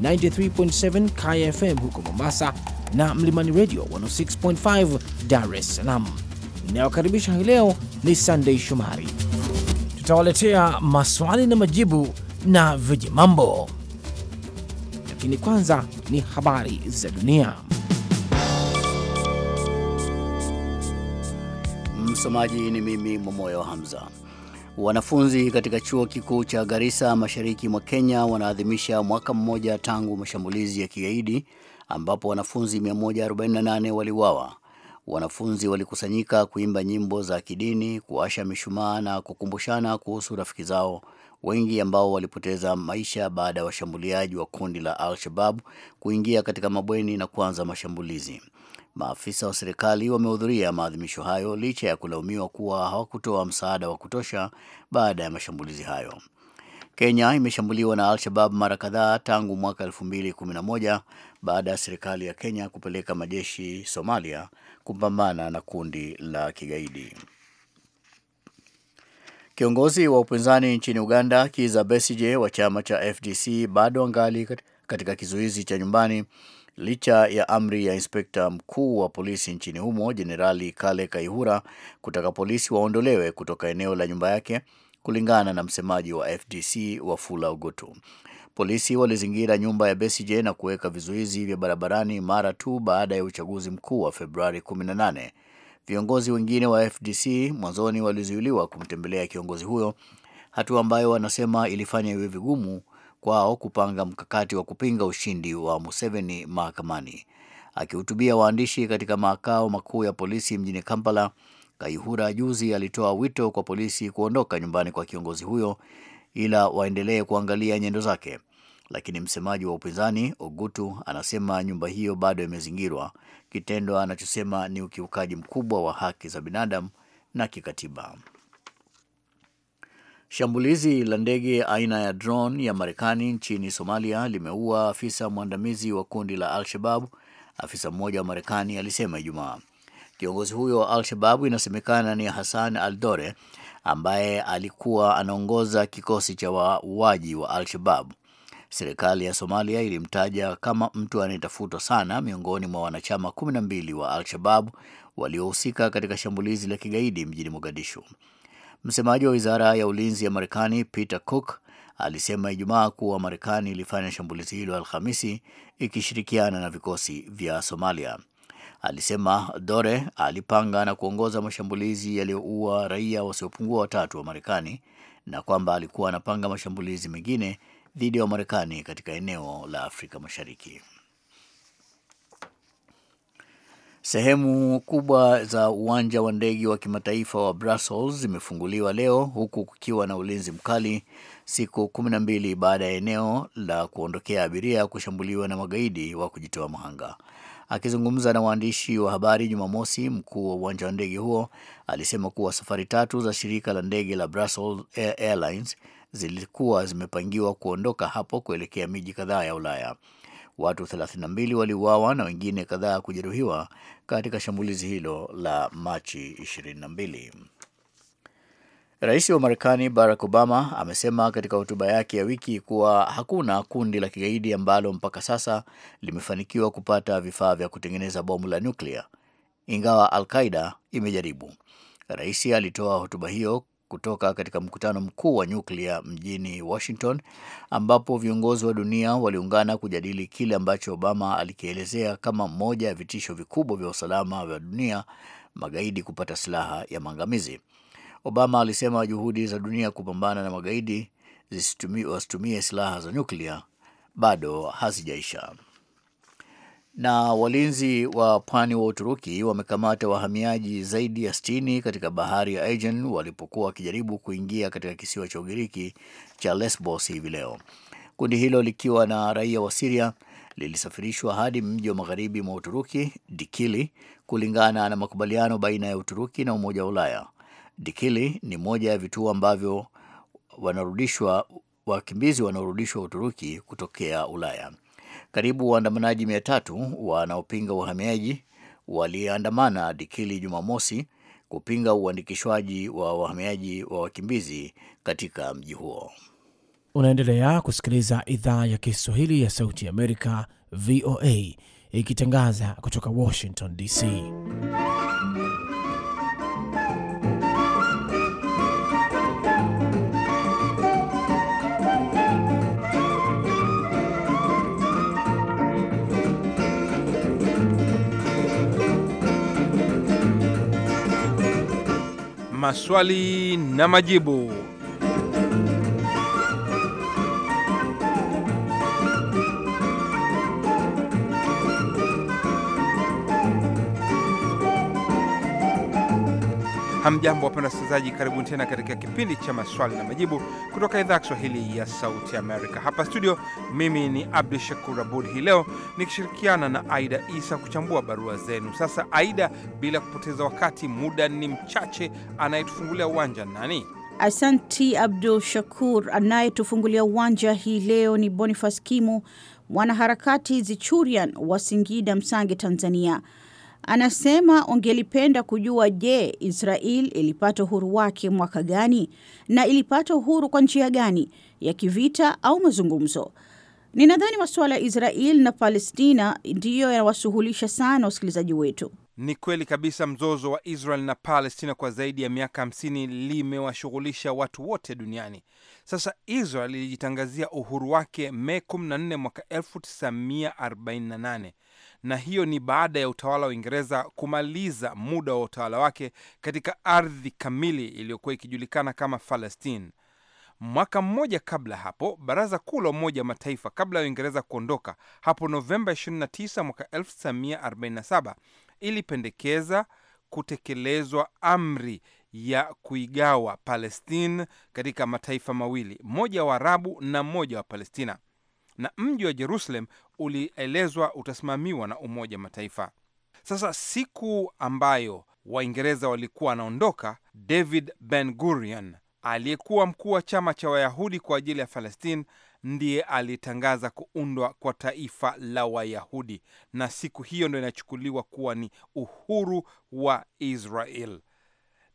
93.7 Kaya FM huko Mombasa na Mlimani Radio 106.5 Dar es Salaam. Inayokaribisha hii leo ni Sunday Shomari. Tutawaletea maswali na majibu na vijimambo, lakini kwanza ni habari za dunia. Msomaji ni mimi Momoyo Hamza. Wanafunzi katika chuo kikuu cha Garissa mashariki mwa Kenya wanaadhimisha mwaka mmoja tangu mashambulizi ya kigaidi ambapo wanafunzi 148 waliuawa. Wanafunzi walikusanyika kuimba nyimbo za kidini, kuasha mishumaa na kukumbushana kuhusu rafiki zao wengi ambao walipoteza maisha baada ya washambuliaji wa kundi la Al-Shabab kuingia katika mabweni na kuanza mashambulizi. Maafisa wa serikali wamehudhuria maadhimisho hayo licha ya kulaumiwa kuwa hawakutoa msaada wa kutosha baada ya mashambulizi hayo. Kenya imeshambuliwa na Al-Shabab mara kadhaa tangu mwaka 2011 baada ya serikali ya Kenya kupeleka majeshi Somalia kupambana na kundi la kigaidi. Kiongozi wa upinzani nchini Uganda Kiza Besije wa chama cha FDC bado angali katika kizuizi cha nyumbani licha ya amri ya inspekta mkuu wa polisi nchini humo Jenerali Kale Kaihura kutaka polisi waondolewe kutoka eneo la nyumba yake. Kulingana na msemaji wa FDC Wafula Ugutu, polisi walizingira nyumba ya Besigye na kuweka vizuizi vya barabarani mara tu baada ya uchaguzi mkuu wa Februari 18. Viongozi wengine wa FDC mwanzoni walizuiliwa kumtembelea kiongozi huyo, hatua ambayo wanasema ilifanya iwe vigumu kwao kupanga mkakati wa kupinga ushindi wa Museveni mahakamani. Akihutubia waandishi katika makao makuu ya polisi mjini Kampala, Kaihura juzi alitoa wito kwa polisi kuondoka nyumbani kwa kiongozi huyo ila waendelee kuangalia nyendo zake. Lakini msemaji wa upinzani Ogutu anasema nyumba hiyo bado imezingirwa, kitendo anachosema ni ukiukaji mkubwa wa haki za binadamu na kikatiba. Shambulizi la ndege aina ya drone ya Marekani nchini Somalia limeua afisa mwandamizi wa kundi la Al-Shababu, afisa mmoja wa Marekani alisema Ijumaa. Kiongozi huyo wa Al-Shababu inasemekana ni Hassan Aldore ambaye alikuwa anaongoza kikosi cha wauaji wa, Al-Shababu. Serikali ya Somalia ilimtaja kama mtu anayetafutwa sana miongoni mwa wanachama kumi na mbili wa Al-Shababu waliohusika katika shambulizi la kigaidi mjini Mogadishu. Msemaji wa wizara ya ulinzi ya Marekani Peter Cook alisema Ijumaa kuwa Marekani ilifanya shambulizi hilo Alhamisi ikishirikiana na vikosi vya Somalia. Alisema Dore alipanga na kuongoza mashambulizi yaliyoua raia wasiopungua watatu wa Marekani na kwamba alikuwa anapanga mashambulizi mengine dhidi ya Wamarekani katika eneo la Afrika Mashariki. Sehemu kubwa za uwanja wa ndege wa kimataifa wa Brussels zimefunguliwa leo huku kukiwa na ulinzi mkali siku kumi na mbili baada ya eneo la kuondokea abiria kushambuliwa na magaidi wa kujitoa mhanga. Akizungumza na waandishi wa habari Jumamosi, mkuu wa uwanja wa ndege huo alisema kuwa safari tatu za shirika la ndege la Brussels Airlines zilikuwa zimepangiwa kuondoka hapo kuelekea miji kadhaa ya Ulaya. Watu 32 waliuawa na wengine kadhaa kujeruhiwa katika shambulizi hilo la Machi 22. Rais wa Marekani Barack Obama amesema katika hotuba yake ya wiki kuwa hakuna kundi la kigaidi ambalo mpaka sasa limefanikiwa kupata vifaa vya kutengeneza bomu la nyuklia, ingawa Al Qaida imejaribu. Rais alitoa hotuba hiyo kutoka katika mkutano mkuu wa nyuklia mjini Washington, ambapo viongozi wa dunia waliungana kujadili kile ambacho Obama alikielezea kama moja ya vitisho vikubwa vya usalama vya dunia, magaidi kupata silaha ya maangamizi. Obama alisema juhudi za dunia kupambana na magaidi wasitumie silaha za nyuklia bado hazijaisha. Na walinzi wa pwani wa Uturuki wamekamata wahamiaji zaidi ya 60 katika bahari ya Aegean walipokuwa wakijaribu kuingia katika kisiwa cha Ugiriki cha Lesbos hivi leo. Kundi hilo likiwa na raia wa Siria lilisafirishwa hadi mji wa magharibi mwa Uturuki, Dikili, kulingana na makubaliano baina ya Uturuki na Umoja wa Ulaya. Dikili ni moja ya vituo ambavyo wanarudishwa wakimbizi wanaorudishwa Uturuki kutokea Ulaya. Karibu waandamanaji mia tatu wanaopinga uhamiaji waliandamana Dikili Jumamosi kupinga uandikishwaji wa wahamiaji wa wakimbizi katika mji huo. Unaendelea kusikiliza idhaa ya Kiswahili ya Sauti ya Amerika, VOA, ikitangaza kutoka Washington DC. maswali na majibu. Hamjambo, wapenda wasikilizaji, karibuni tena katika kipindi cha maswali na majibu kutoka idhaa ya Kiswahili ya Sauti Amerika hapa studio. Mimi ni Abdu Shakur Abud, hii leo nikishirikiana na Aida Isa kuchambua barua zenu. Sasa Aida, bila kupoteza wakati, muda ni mchache, anayetufungulia uwanja nani? Asanti Abdu Shakur. Anayetufungulia uwanja hii leo ni Bonifas Kimu, mwanaharakati Zichurian wa Singida Msange, Tanzania. Anasema ungelipenda kujua, je, Israel ilipata uhuru wake mwaka gani na ilipata uhuru kwa njia gani ya kivita au mazungumzo? Ninadhani masuala ya Israel na Palestina ndiyo yanawashughulisha sana wasikilizaji wetu. Ni kweli kabisa, mzozo wa Israel na Palestina kwa zaidi ya miaka 50 limewashughulisha watu wote duniani. Sasa Israel ilijitangazia uhuru wake Mei 14 mwaka 1948 na hiyo ni baada ya utawala wa Uingereza kumaliza muda wa utawala wake katika ardhi kamili iliyokuwa ikijulikana kama Palestine. Mwaka mmoja kabla hapo, baraza kuu la Umoja wa Mataifa kabla ya Uingereza kuondoka hapo Novemba 29 mwaka 1947 ilipendekeza kutekelezwa amri ya kuigawa Palestine katika mataifa mawili, moja wa Arabu na mmoja wa Palestina na mji wa Jerusalem ulielezwa utasimamiwa na Umoja Mataifa. Sasa siku ambayo Waingereza walikuwa wanaondoka, David Ben Gurion aliyekuwa mkuu wa chama cha Wayahudi kwa ajili ya falestine ndiye alitangaza kuundwa kwa taifa la Wayahudi, na siku hiyo ndo inachukuliwa kuwa ni uhuru wa Israel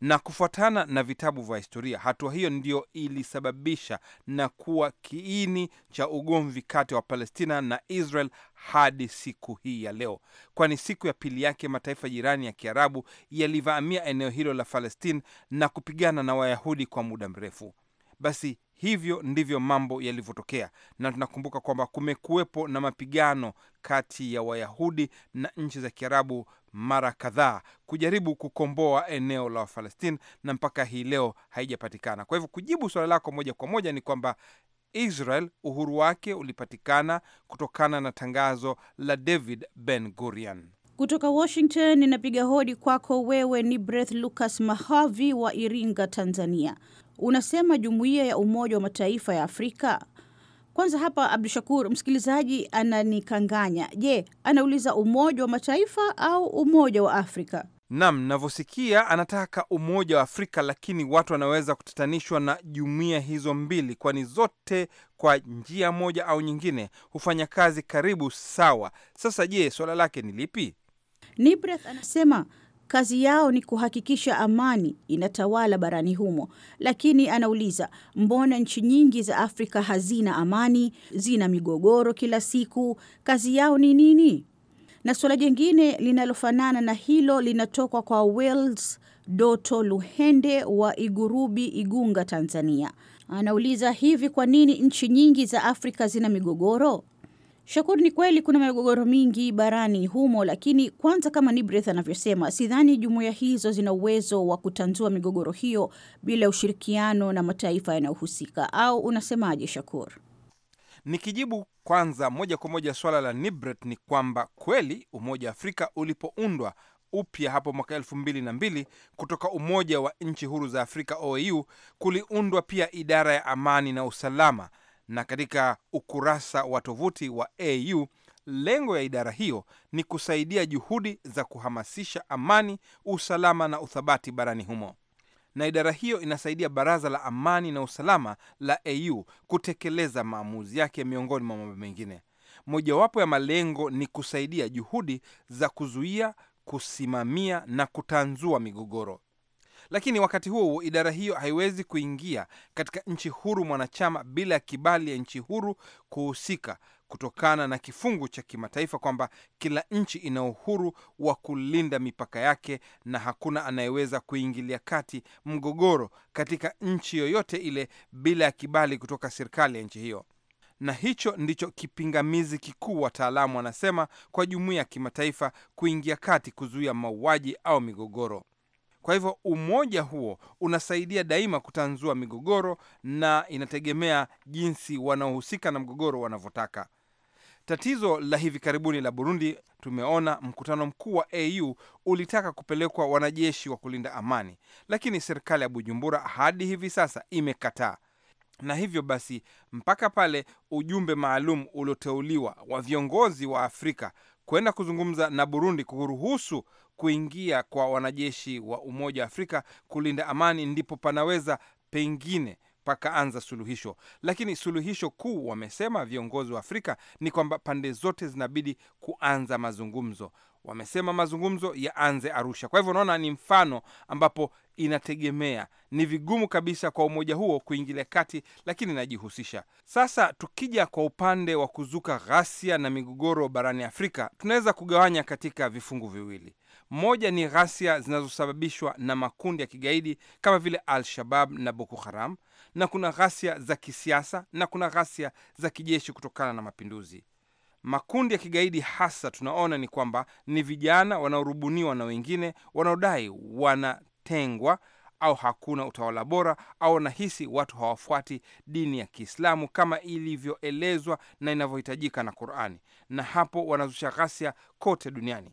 na kufuatana na vitabu vya historia, hatua hiyo ndiyo ilisababisha na kuwa kiini cha ugomvi kati ya Wapalestina na Israel hadi siku hii ya leo, kwani siku ya pili yake mataifa jirani ya Kiarabu yalivamia eneo hilo la Palestine na kupigana na Wayahudi kwa muda mrefu. Basi Hivyo ndivyo mambo yalivyotokea, na tunakumbuka kwamba kumekuwepo na mapigano kati ya Wayahudi na nchi za Kiarabu mara kadhaa kujaribu kukomboa eneo la wafalestini na mpaka hii leo haijapatikana. Kwa hivyo kujibu suala lako moja kwa moja ni kwamba Israel uhuru wake ulipatikana kutokana na tangazo la David Ben Gurion. Kutoka Washington ninapiga hodi kwako wewe, ni Breth Lucas Mahavi wa Iringa, Tanzania unasema jumuiya ya Umoja wa Mataifa ya Afrika. Kwanza hapa, Abdu Shakur, msikilizaji ananikanganya. Je, anauliza Umoja wa Mataifa au Umoja wa Afrika? Nam, navyosikia anataka Umoja wa Afrika, lakini watu wanaweza kutatanishwa na jumuiya hizo mbili, kwani zote kwa njia moja au nyingine hufanya kazi karibu sawa. Sasa je, suala lake ni lipi? nibreth anasema Kazi yao ni kuhakikisha amani inatawala barani humo, lakini anauliza mbona nchi nyingi za Afrika hazina amani, zina migogoro kila siku? Kazi yao ni nini? Na suala jingine linalofanana na hilo linatoka kwa Wells Doto Luhende wa Igurubi, Igunga, Tanzania. Anauliza hivi, kwa nini nchi nyingi za Afrika zina migogoro? Shakuru, ni kweli kuna migogoro mingi barani humo, lakini kwanza, kama nibreth anavyosema, sidhani jumuiya hizo zina uwezo wa kutanzua migogoro hiyo bila ushirikiano na mataifa yanayohusika, au unasemaje Shakur? Nikijibu kwanza moja kwa moja swala la Nibret ni kwamba kweli Umoja wa Afrika ulipoundwa upya hapo mwaka elfu mbili na mbili kutoka Umoja wa Nchi Huru za Afrika, OAU, kuliundwa pia idara ya amani na usalama na katika ukurasa wa tovuti wa AU. Lengo ya idara hiyo ni kusaidia juhudi za kuhamasisha amani, usalama na uthabati barani humo, na idara hiyo inasaidia baraza la amani na usalama la AU kutekeleza maamuzi yake miongoni mwa mambo mengine. Mojawapo ya malengo ni kusaidia juhudi za kuzuia, kusimamia na kutanzua migogoro. Lakini wakati huo huo, idara hiyo haiwezi kuingia katika nchi huru mwanachama bila ya kibali ya nchi huru kuhusika kutokana na kifungu cha kimataifa kwamba kila nchi ina uhuru wa kulinda mipaka yake na hakuna anayeweza kuingilia kati mgogoro katika nchi yoyote ile bila ya kibali kutoka serikali ya nchi hiyo. Na hicho ndicho kipingamizi kikuu, wataalamu wanasema, kwa jumuiya ya kimataifa kuingia kati kuzuia mauaji au migogoro. Kwa hivyo umoja huo unasaidia daima kutanzua migogoro, na inategemea jinsi wanaohusika na mgogoro wanavyotaka. Tatizo la hivi karibuni la Burundi, tumeona mkutano mkuu wa AU ulitaka kupelekwa wanajeshi wa kulinda amani, lakini serikali ya Bujumbura hadi hivi sasa imekataa. Na hivyo basi, mpaka pale ujumbe maalum ulioteuliwa wa viongozi wa Afrika kwenda kuzungumza na Burundi kuruhusu kuingia kwa wanajeshi wa Umoja wa Afrika kulinda amani, ndipo panaweza pengine pakaanza suluhisho. Lakini suluhisho kuu, wamesema viongozi wa Afrika, ni kwamba pande zote zinabidi kuanza mazungumzo. Wamesema mazungumzo yaanze Arusha. Kwa hivyo unaona, ni mfano ambapo inategemea, ni vigumu kabisa kwa umoja huo kuingilia kati, lakini inajihusisha. Sasa tukija kwa upande wa kuzuka ghasia na migogoro barani Afrika, tunaweza kugawanya katika vifungu viwili. Moja ni ghasia zinazosababishwa na makundi ya kigaidi kama vile Al-Shabab na Boko Haram, na kuna ghasia za kisiasa na kuna ghasia za kijeshi kutokana na mapinduzi. Makundi ya kigaidi hasa tunaona ni kwamba ni vijana wanaorubuniwa na wengine wanaodai wanatengwa au hakuna utawala bora au wanahisi watu hawafuati dini ya Kiislamu kama ilivyoelezwa na inavyohitajika na Qur'ani, na hapo wanazusha ghasia kote duniani.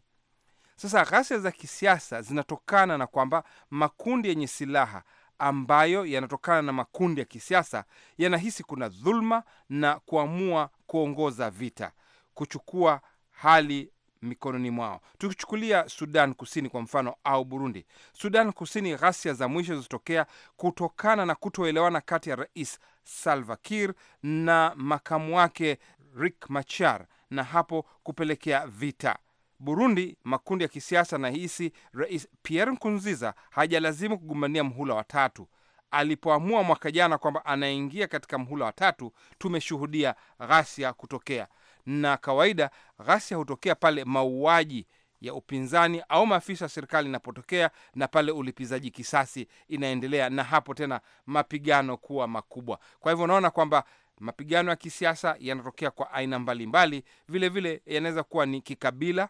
Sasa ghasia za kisiasa zinatokana na kwamba makundi yenye silaha ambayo yanatokana na makundi ya kisiasa yanahisi kuna dhuluma na kuamua kuongoza vita, kuchukua hali mikononi mwao. Tukichukulia Sudan Kusini kwa mfano au Burundi. Sudan Kusini, ghasia za mwisho zilizotokea kutokana na kutoelewana kati ya Rais Salva Kiir na makamu wake Riek Machar, na hapo kupelekea vita. Burundi, makundi ya kisiasa nahisi Rais Pierre Nkurunziza hajalazimu kugombania mhula wa tatu. Alipoamua mwaka jana kwamba anaingia katika mhula wa tatu, tumeshuhudia ghasia kutokea, na kawaida ghasia hutokea pale mauaji ya upinzani au maafisa wa serikali inapotokea na pale ulipizaji kisasi inaendelea, na hapo tena mapigano kuwa makubwa. Kwa hivyo unaona kwamba mapigano ya kisiasa yanatokea kwa aina mbalimbali, vilevile yanaweza kuwa ni kikabila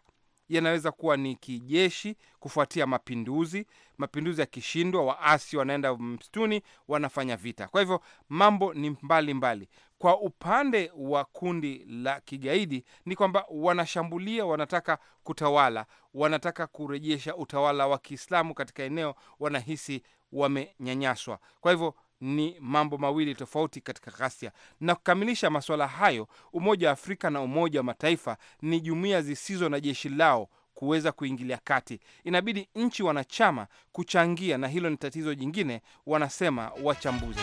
yanaweza kuwa ni kijeshi, kufuatia mapinduzi. Mapinduzi yakishindwa, waasi wanaenda msituni, wanafanya vita. Kwa hivyo mambo ni mbalimbali mbali. Kwa upande wa kundi la kigaidi ni kwamba wanashambulia, wanataka kutawala, wanataka kurejesha utawala wa Kiislamu katika eneo wanahisi wamenyanyaswa. Kwa hivyo ni mambo mawili tofauti katika ghasia. Na kukamilisha masuala hayo, Umoja wa Afrika na Umoja wa Mataifa ni jumuiya zisizo na jeshi lao kuweza kuingilia kati. Inabidi nchi wanachama kuchangia, na hilo ni tatizo jingine, wanasema wachambuzi.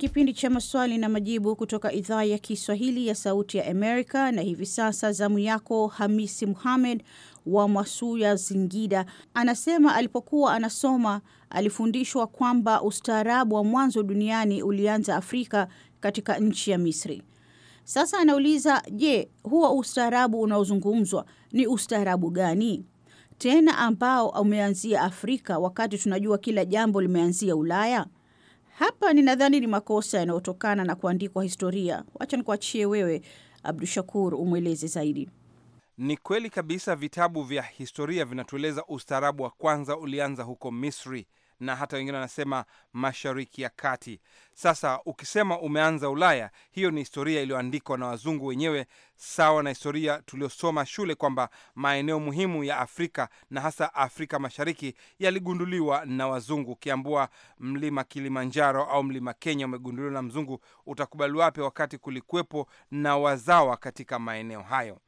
kipindi cha maswali na majibu kutoka idhaa ya Kiswahili ya Sauti ya Amerika, na hivi sasa zamu yako Hamisi Muhamed wa Mwasuya, zingida Anasema alipokuwa anasoma alifundishwa kwamba ustaarabu wa mwanzo duniani ulianza Afrika katika nchi ya Misri. Sasa anauliza, je, huo ustaarabu unaozungumzwa ni ustaarabu gani tena ambao umeanzia Afrika wakati tunajua kila jambo limeanzia Ulaya? Hapa ninadhani ni makosa yanayotokana na kuandikwa historia. Wacha nikuachie wewe Abdu Shakur umweleze zaidi. Ni kweli kabisa, vitabu vya historia vinatueleza ustaarabu wa kwanza ulianza huko Misri, na hata wengine wanasema Mashariki ya Kati. Sasa ukisema umeanza Ulaya, hiyo ni historia iliyoandikwa na wazungu wenyewe, sawa na historia tuliosoma shule kwamba maeneo muhimu ya Afrika na hasa Afrika Mashariki yaligunduliwa na wazungu. Ukiambua mlima Kilimanjaro au mlima Kenya umegunduliwa na mzungu, utakubali wapi wakati kulikuwepo na wazawa katika maeneo hayo?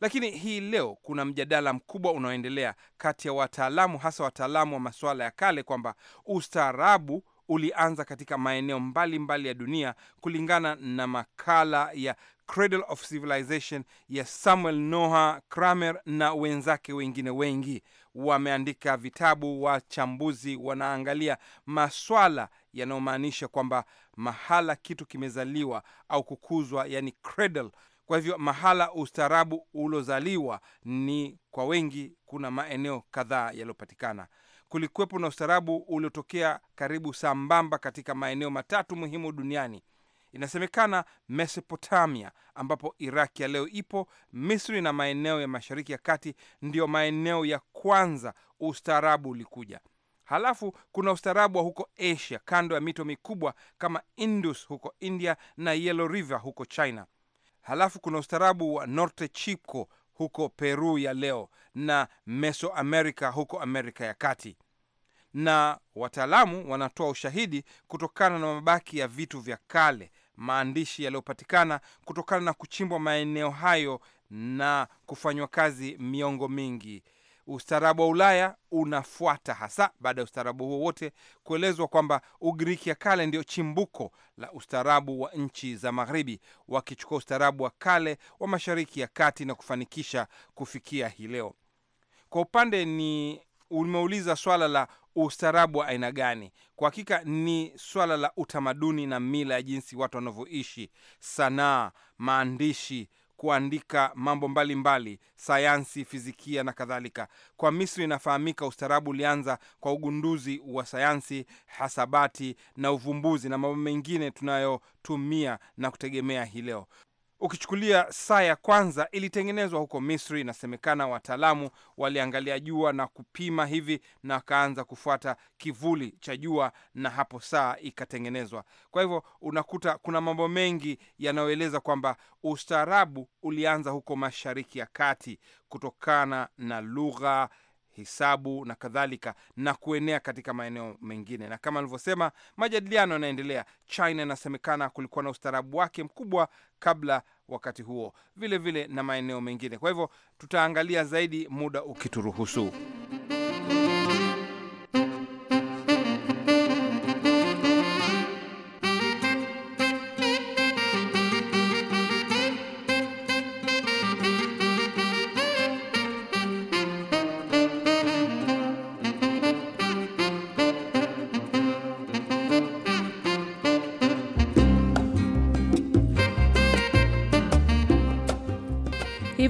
Lakini hii leo kuna mjadala mkubwa unaoendelea kati ya wataalamu, hasa wataalamu wa masuala ya kale, kwamba ustaarabu ulianza katika maeneo mbalimbali mbali ya dunia, kulingana na makala ya Cradle of Civilization ya Samuel Noah Kramer na wenzake wengine wengi. Wameandika vitabu, wachambuzi wanaangalia maswala yanayomaanisha kwamba mahala kitu kimezaliwa au kukuzwa, yani cradle kwa hivyo mahala ustaarabu ulozaliwa ni kwa wengi, kuna maeneo kadhaa yaliyopatikana. Kulikuwepo na ustaarabu uliotokea karibu sambamba katika maeneo matatu muhimu duniani. Inasemekana Mesopotamia, ambapo Iraki ya leo ipo, Misri na maeneo ya Mashariki ya Kati ndiyo maeneo ya kwanza ustaarabu ulikuja. Halafu kuna ustaarabu wa huko Asia, kando ya mito mikubwa kama Indus huko India na Yellow River huko China. Halafu kuna ustaarabu wa Norte Chico huko Peru ya leo na america huko Amerika ya Kati, na wataalamu wanatoa ushahidi kutokana na mabaki ya vitu vya kale, maandishi yaliyopatikana kutokana na kuchimbwa maeneo hayo na kufanywa kazi miongo mingi ustaarabu wa Ulaya unafuata hasa baada ya ustaarabu huo wote kuelezwa kwamba Ugiriki ya kale ndio chimbuko la ustaarabu wa nchi za Magharibi, wakichukua ustaarabu wa kale wa Mashariki ya Kati na kufanikisha kufikia hii leo. Kwa upande ni umeuliza swala la ustaarabu wa aina gani? Kwa hakika ni swala la utamaduni na mila ya jinsi watu wanavyoishi, sanaa, maandishi, kuandika mambo mbalimbali mbali, sayansi, fizikia na kadhalika. Kwa Misri inafahamika ustaarabu ulianza kwa ugunduzi wa sayansi, hasabati na uvumbuzi na mambo mengine tunayotumia na kutegemea hii leo. Ukichukulia saa ya kwanza ilitengenezwa huko Misri, inasemekana wataalamu waliangalia jua na kupima hivi na wakaanza kufuata kivuli cha jua, na hapo saa ikatengenezwa. Kwa hivyo unakuta kuna mambo mengi yanayoeleza kwamba ustaarabu ulianza huko Mashariki ya Kati kutokana na lugha hisabu na kadhalika, na kuenea katika maeneo mengine. Na kama alivyosema, majadiliano yanaendelea. China inasemekana kulikuwa na ustaarabu wake mkubwa kabla wakati huo, vilevile vile na maeneo mengine. Kwa hivyo tutaangalia zaidi muda ukituruhusu.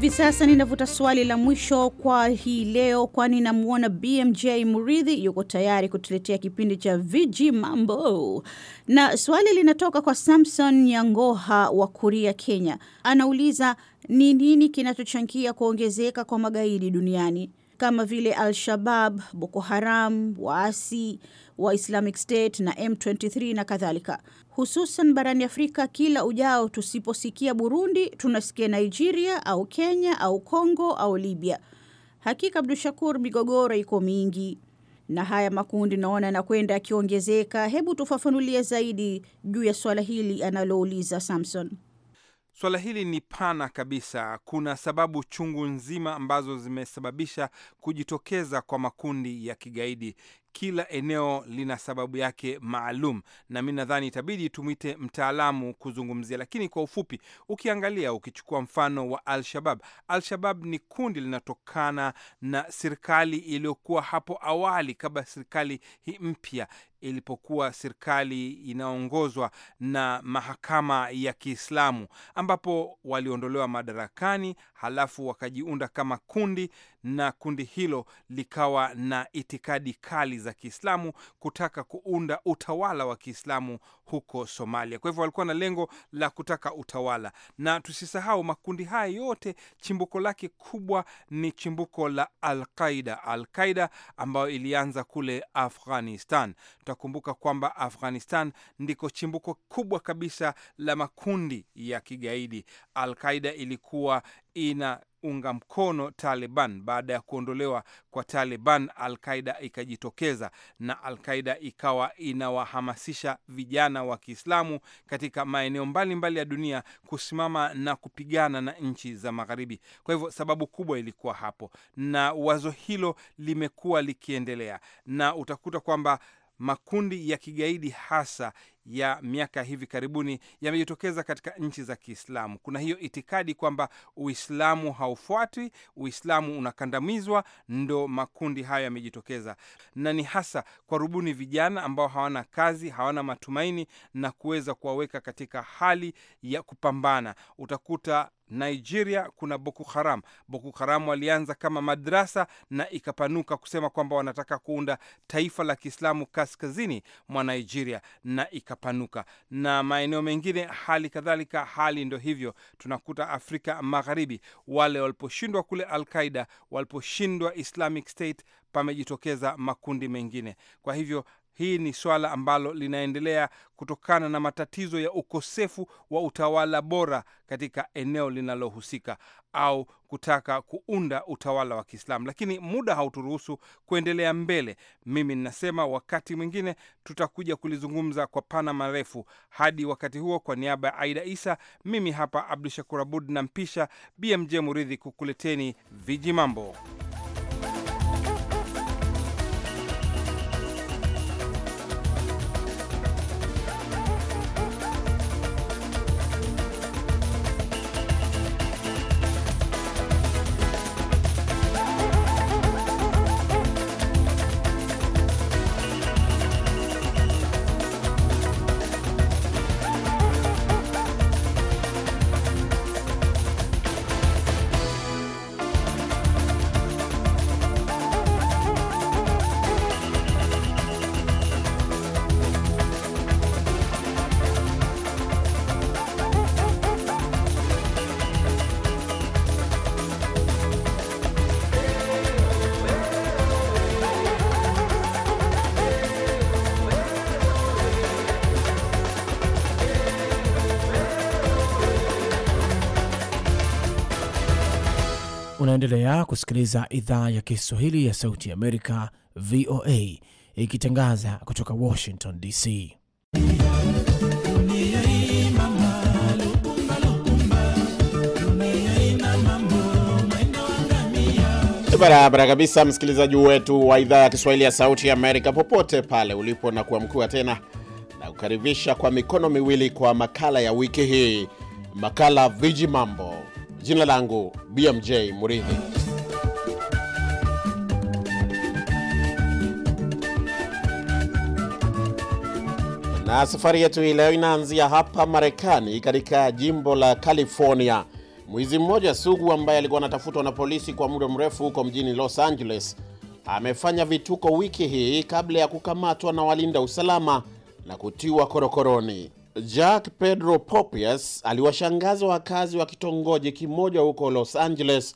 Hivi sasa ninavuta swali la mwisho kwa hii leo, kwani namwona BMJ Muridhi yuko tayari kutuletea kipindi cha viji mambo, na swali linatoka kwa Samson Nyangoha wa Kuria, Kenya. Anauliza, ni nini kinachochangia kuongezeka kwa magaidi duniani? kama vile Al-Shabab, Boko Haram, waasi wa Islamic State na M23 na kadhalika, hususan barani Afrika. Kila ujao tusiposikia Burundi, tunasikia Nigeria au Kenya au congo au Libya. Hakika Abdu Shakur, migogoro iko mingi na haya makundi naona yanakwenda yakiongezeka. Hebu tufafanulie zaidi juu ya swala hili analouliza Samson. Swala hili ni pana kabisa. Kuna sababu chungu nzima ambazo zimesababisha kujitokeza kwa makundi ya kigaidi. Kila eneo lina sababu yake maalum, na mi nadhani itabidi tumwite mtaalamu kuzungumzia. Lakini kwa ufupi, ukiangalia, ukichukua mfano wa Al-Shabab, Al-Shabab ni kundi linatokana na serikali iliyokuwa hapo awali kabla serikali hii mpya ilipokuwa serikali inaongozwa na mahakama ya Kiislamu ambapo waliondolewa madarakani, halafu wakajiunda kama kundi, na kundi hilo likawa na itikadi kali za Kiislamu kutaka kuunda utawala wa Kiislamu huko Somalia. Kwa hivyo walikuwa na lengo la kutaka utawala, na tusisahau makundi haya yote chimbuko lake kubwa ni chimbuko la Alqaida, Alqaida ambayo ilianza kule Afghanistan tutakumbuka kwamba Afghanistan ndiko chimbuko kubwa kabisa la makundi ya kigaidi. Al Qaida ilikuwa ina unga mkono Taliban. Baada ya kuondolewa kwa Taliban, Al Qaida ikajitokeza na Al Qaida ikawa inawahamasisha vijana wa Kiislamu katika maeneo mbalimbali ya dunia kusimama na kupigana na nchi za Magharibi. Kwa hivyo sababu kubwa ilikuwa hapo, na wazo hilo limekuwa likiendelea, na utakuta kwamba makundi ya kigaidi hasa ya miaka hivi karibuni yamejitokeza katika nchi za Kiislamu. Kuna hiyo itikadi kwamba Uislamu haufuatwi, Uislamu unakandamizwa, ndo makundi hayo yamejitokeza, na ni hasa kwa rubuni vijana ambao hawana kazi, hawana matumaini na kuweza kuwaweka katika hali ya kupambana. Utakuta Nigeria kuna Boko Haram. Boko Haram walianza kama madrasa na ikapanuka kusema kwamba wanataka kuunda taifa la Kiislamu kaskazini mwa Nigeria na ika yakapanuka na maeneo mengine. Hali kadhalika hali ndo hivyo tunakuta Afrika Magharibi, wale waliposhindwa kule alqaida waliposhindwa Islamic State, pamejitokeza makundi mengine. Kwa hivyo hii ni swala ambalo linaendelea kutokana na matatizo ya ukosefu wa utawala bora katika eneo linalohusika au kutaka kuunda utawala wa Kiislamu, lakini muda hauturuhusu kuendelea mbele. Mimi ninasema wakati mwingine tutakuja kulizungumza kwa pana marefu. Hadi wakati huo, kwa niaba ya Aida Isa, mimi hapa Abdu Shakur Abud nampisha BMJ Muridhi kukuleteni viji mambo. Unaendelea kusikiliza idhaa ya Kiswahili ya Sauti ya Amerika, VOA, ikitangaza kutoka Washington DC. Barabara kabisa, msikilizaji wetu wa idhaa ya Kiswahili ya Sauti Amerika, popote pale ulipo, na kuamkiwa tena na kukaribisha kwa mikono miwili kwa makala ya wiki hii, makala Viji Mambo Jina langu BMJ Muridhi. Na safari yetu hii leo inaanzia hapa Marekani, katika jimbo la California. Mwizi mmoja sugu ambaye alikuwa anatafutwa na polisi kwa muda mrefu huko mjini Los Angeles amefanya vituko wiki hii kabla ya kukamatwa na walinda usalama na kutiwa korokoroni. Jack Pedro Popius aliwashangaza wakazi wa kitongoji kimoja huko Los Angeles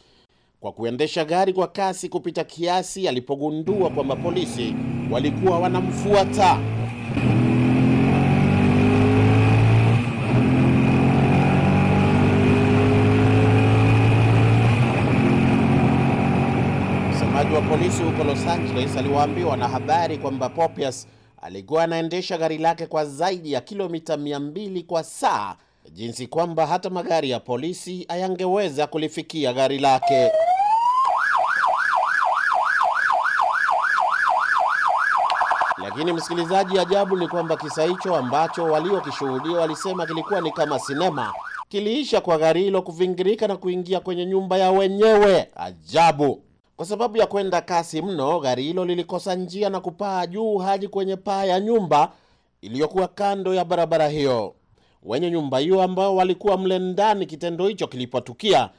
kwa kuendesha gari kwa kasi kupita kiasi alipogundua kwamba polisi walikuwa wanamfuata. Msemaji wa polisi huko Los Angeles aliwaambia wanahabari kwamba Popius alikuwa anaendesha gari lake kwa zaidi ya kilomita 200 kwa saa, jinsi kwamba hata magari ya polisi hayangeweza kulifikia gari lake. Lakini msikilizaji, ajabu ni kwamba kisa hicho ambacho waliokishuhudia walisema kilikuwa ni kama sinema kiliisha kwa gari hilo kuvingirika na kuingia kwenye nyumba ya wenyewe. Ajabu. Kwa sababu ya kwenda kasi mno, gari hilo lilikosa njia na kupaa juu hadi kwenye paa ya nyumba iliyokuwa kando ya barabara hiyo. Wenye nyumba hiyo ambao walikuwa mle ndani kitendo hicho kilipotukia,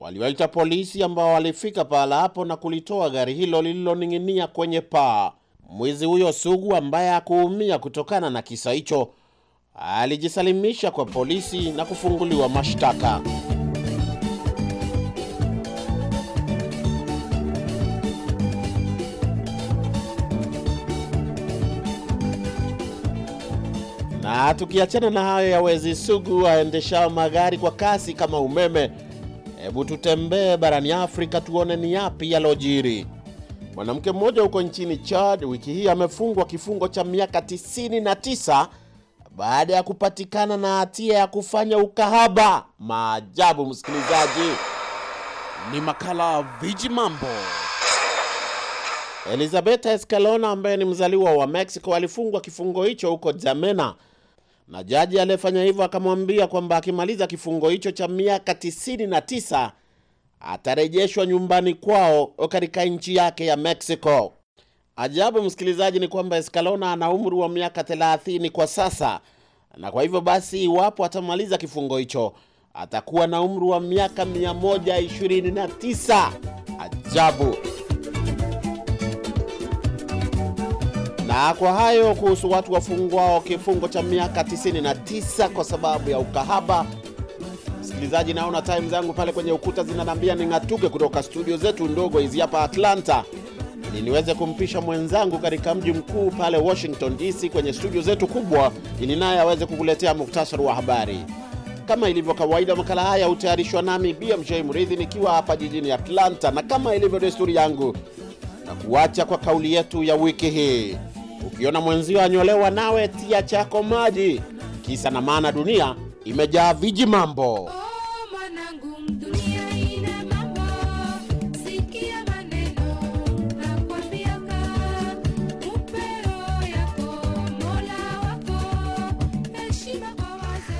waliwaita polisi ambao walifika pahala hapo na kulitoa gari hilo lililoning'inia kwenye paa. Mwizi huyo sugu ambaye hakuumia kutokana na kisa hicho alijisalimisha kwa polisi na kufunguliwa mashtaka. Na tukiachana na hayo ya wezi sugu waendeshao magari kwa kasi kama umeme, hebu tutembee barani Afrika tuone ni yapi yalojiri. Mwanamke mmoja huko nchini Chad wiki hii amefungwa kifungo cha miaka 99 baada ya kupatikana na hatia ya kufanya ukahaba. Maajabu, msikilizaji, ni makala Viji Mambo. Elizabeth Escalona ambaye ni mzaliwa wa Mexico alifungwa kifungo hicho huko Jamena na jaji aliyefanya hivyo akamwambia kwamba akimaliza kifungo hicho cha miaka 99 atarejeshwa nyumbani kwao katika nchi yake ya Mexico. Ajabu msikilizaji, ni kwamba Escalona ana umri wa miaka 30 kwa sasa, na kwa hivyo basi, iwapo atamaliza kifungo hicho atakuwa na umri wa miaka 129. Ajabu. Na kwa hayo kuhusu watu wafungwao kifungo cha miaka 99 kwa sababu ya ukahaba. Msikilizaji, naona time zangu pale kwenye ukuta zinanambia ning'atuke kutoka studio zetu ndogo hizi hapa Atlanta ili niweze kumpisha mwenzangu katika mji mkuu pale Washington DC kwenye studio zetu kubwa, ili naye aweze kukuletea muktasari wa habari. Kama ilivyo kawaida, makala haya hutayarishwa nami BMJ Murithi nikiwa hapa jijini Atlanta, na kama ilivyo desturi yangu, na kuacha kwa kauli yetu ya wiki hii Ukiona mwenzio anyolewa, nawe tia chako maji. Kisa na maana, dunia imejaa viji mambo. Oh,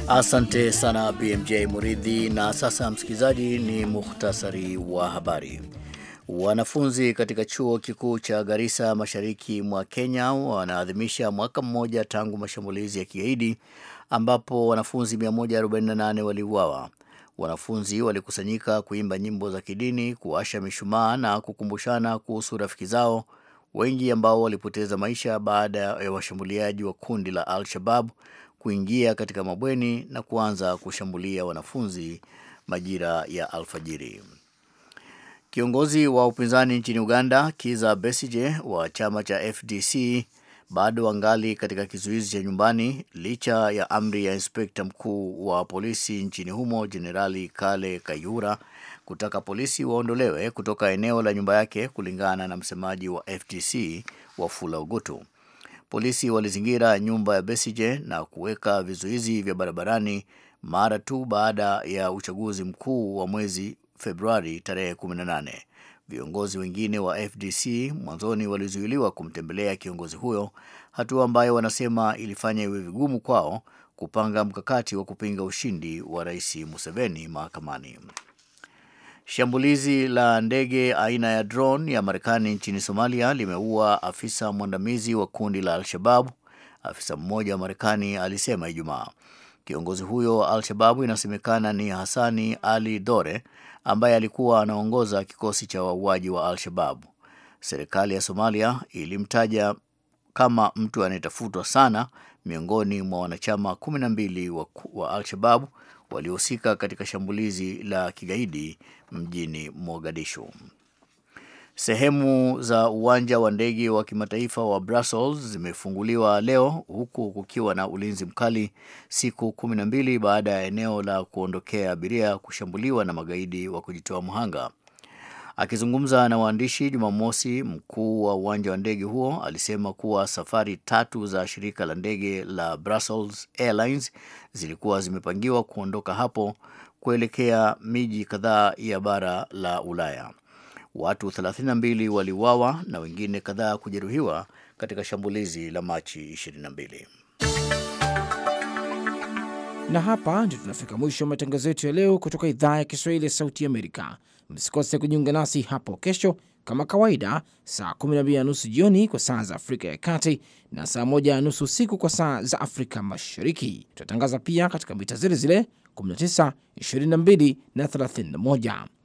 Asante sana BMJ Muridhi. Na sasa, msikilizaji, ni muhtasari wa habari. Wanafunzi katika chuo kikuu cha Garissa mashariki mwa Kenya wanaadhimisha mwaka mmoja tangu mashambulizi ya kigaidi ambapo wanafunzi 148 waliuawa. Wanafunzi walikusanyika kuimba nyimbo za kidini, kuasha mishumaa na kukumbushana kuhusu rafiki zao, wengi ambao walipoteza maisha baada ya washambuliaji wa kundi la Al-Shabab kuingia katika mabweni na kuanza kushambulia wanafunzi majira ya alfajiri. Kiongozi wa upinzani nchini Uganda Kiza Besije wa chama cha FDC bado angali katika kizuizi cha nyumbani licha ya amri ya inspekta mkuu wa polisi nchini humo Jenerali Kale Kayura kutaka polisi waondolewe kutoka eneo la nyumba yake, kulingana na msemaji wa FDC Wafula Ugutu. Polisi walizingira nyumba ya Besije na kuweka vizuizi vya barabarani mara tu baada ya uchaguzi mkuu wa mwezi Februari tarehe 18. Viongozi wengine wa FDC mwanzoni walizuiliwa kumtembelea kiongozi huyo, hatua ambayo wanasema ilifanya iwe vigumu kwao kupanga mkakati wa kupinga ushindi wa Rais Museveni mahakamani. Shambulizi la ndege aina ya drone ya Marekani nchini Somalia limeua afisa mwandamizi wa kundi la Al-Shababu, afisa mmoja wa Marekani alisema Ijumaa. Kiongozi huyo wa Al-Shababu inasemekana ni Hasani Ali Dore ambaye alikuwa anaongoza kikosi cha wauaji wa Al-Shababu. Serikali ya Somalia ilimtaja kama mtu anayetafutwa sana miongoni mwa wanachama kumi na mbili wa, wa Al-Shababu waliohusika katika shambulizi la kigaidi mjini Mogadishu. Sehemu za uwanja wa ndege wa kimataifa wa Brussels zimefunguliwa leo huku kukiwa na ulinzi mkali siku kumi na mbili baada ya eneo la kuondokea abiria kushambuliwa na magaidi wa kujitoa mhanga. Akizungumza na waandishi Jumamosi, mkuu wa uwanja wa ndege huo alisema kuwa safari tatu za shirika la ndege la Brussels Airlines zilikuwa zimepangiwa kuondoka hapo kuelekea miji kadhaa ya bara la Ulaya. Watu 32 waliuawa na wengine kadhaa kujeruhiwa katika shambulizi la Machi 22. Na hapa ndio tunafika mwisho wa matangazo yetu ya leo kutoka idhaa ya Kiswahili ya Sauti Amerika. Msikose kujiunga nasi hapo kesho kama kawaida, saa 12 na nusu jioni kwa saa za Afrika ya Kati na saa 1 na nusu usiku kwa saa za Afrika Mashariki. Tutatangaza pia katika mita zile zile 19, 22 na 31.